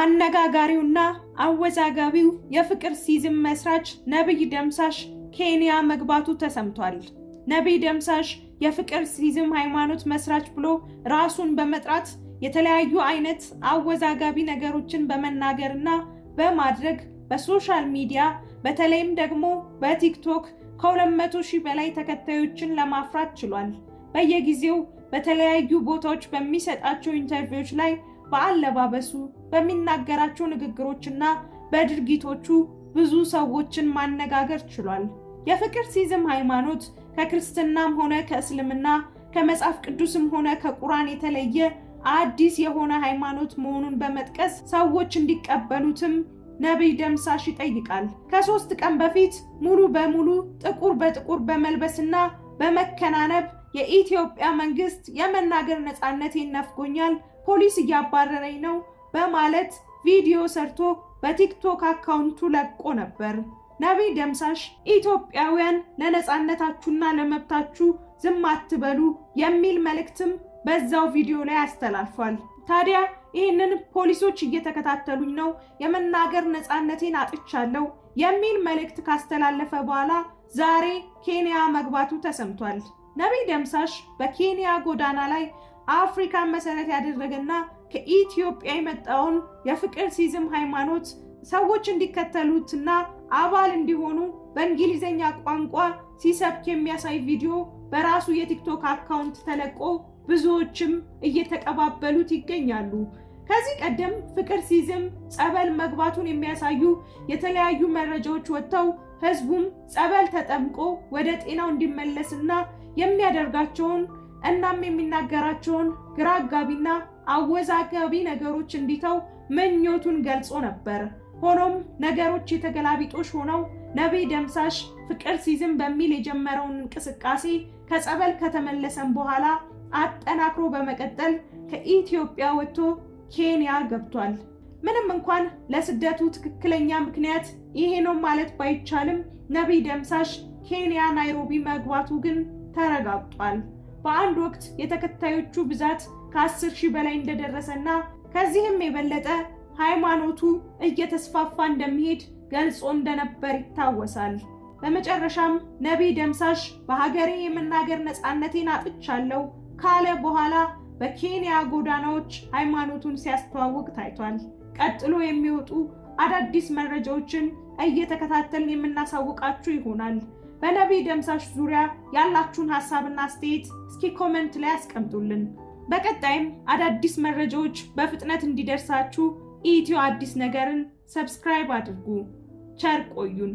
አነጋጋሪውና አወዛጋቢው የፍቅር ሲዝም መስራች ነብይ ደምሳሽ ኬንያ መግባቱ ተሰምቷል። ነብይ ደምሳሽ የፍቅር ሲዝም ሃይማኖት መስራች ብሎ ራሱን በመጥራት የተለያዩ አይነት አወዛጋቢ ነገሮችን በመናገርና በማድረግ በሶሻል ሚዲያ በተለይም ደግሞ በቲክቶክ ከ200 ሺህ በላይ ተከታዮችን ለማፍራት ችሏል። በየጊዜው በተለያዩ ቦታዎች በሚሰጣቸው ኢንተርቪዎች ላይ በአለባበሱ፣ በሚናገራቸው ንግግሮችና በድርጊቶቹ ብዙ ሰዎችን ማነጋገር ችሏል። የፍቅር ሲዝም ሃይማኖት ከክርስትናም ሆነ ከእስልምና ከመጽሐፍ ቅዱስም ሆነ ከቁርአን የተለየ አዲስ የሆነ ሃይማኖት መሆኑን በመጥቀስ ሰዎች እንዲቀበሉትም ነቢይ ደምሳሽ ይጠይቃል። ከሶስት ቀን በፊት ሙሉ በሙሉ ጥቁር በጥቁር በመልበስና በመከናነብ የኢትዮጵያ መንግስት የመናገር ነፃነቴን ነፍጎኛል ፖሊስ እያባረረኝ ነው በማለት ቪዲዮ ሰርቶ በቲክቶክ አካውንቱ ለቆ ነበር። ነቢይ ደምሳሽ ኢትዮጵያውያን ለነፃነታችሁና ለመብታችሁ ዝም አትበሉ የሚል መልእክትም በዛው ቪዲዮ ላይ አስተላልፏል። ታዲያ ይህንን ፖሊሶች እየተከታተሉኝ ነው፣ የመናገር ነፃነቴን አጥቻለሁ የሚል መልእክት ካስተላለፈ በኋላ ዛሬ ኬንያ መግባቱ ተሰምቷል። ነቢይ ደምሳሽ በኬንያ ጎዳና ላይ አፍሪካን መሰረት ያደረገና ከኢትዮጵያ የመጣውን የፍቅር ሲዝም ሃይማኖት ሰዎች እንዲከተሉትና አባል እንዲሆኑ በእንግሊዝኛ ቋንቋ ሲሰብክ የሚያሳይ ቪዲዮ በራሱ የቲክቶክ አካውንት ተለቆ ብዙዎችም እየተቀባበሉት ይገኛሉ። ከዚህ ቀደም ፍቅር ሲዝም ጸበል መግባቱን የሚያሳዩ የተለያዩ መረጃዎች ወጥተው ህዝቡም ጸበል ተጠምቆ ወደ ጤናው እንዲመለስና የሚያደርጋቸውን እናም የሚናገራቸውን ግራ አጋቢና አወዛጋቢ ነገሮች እንዲተው ምኞቱን ገልጾ ነበር። ሆኖም ነገሮች የተገላቢጦሽ ሆነው ነቢይ ደምሳሽ ፍቅር ሲዝም በሚል የጀመረውን እንቅስቃሴ ከጸበል ከተመለሰም በኋላ አጠናክሮ በመቀጠል ከኢትዮጵያ ወጥቶ ኬንያ ገብቷል። ምንም እንኳን ለስደቱ ትክክለኛ ምክንያት ይሄ ነው ማለት ባይቻልም ነቢይ ደምሳሽ ኬንያ ናይሮቢ መግባቱ ግን ተረጋግጧል። በአንድ ወቅት የተከታዮቹ ብዛት ከአስር ሺህ በላይ እንደደረሰና ከዚህም የበለጠ ሃይማኖቱ እየተስፋፋ እንደሚሄድ ገልጾ እንደነበር ይታወሳል። በመጨረሻም ነቢይ ደምሳሽ በሀገሬ የመናገር ነፃነቴን አጥቻለሁ ካለ በኋላ በኬንያ ጎዳናዎች ሃይማኖቱን ሲያስተዋውቅ ታይቷል። ቀጥሎ የሚወጡ አዳዲስ መረጃዎችን እየተከታተልን የምናሳውቃችሁ ይሆናል። በነቢይ ደምሳሽ ዙሪያ ያላችሁን ሀሳብና አስተያየት እስኪ ኮመንት ላይ አስቀምጡልን። በቀጣይም አዳዲስ መረጃዎች በፍጥነት እንዲደርሳችሁ ኢትዮ አዲስ ነገርን ሰብስክራይብ አድርጉ። ቸር ቆዩን።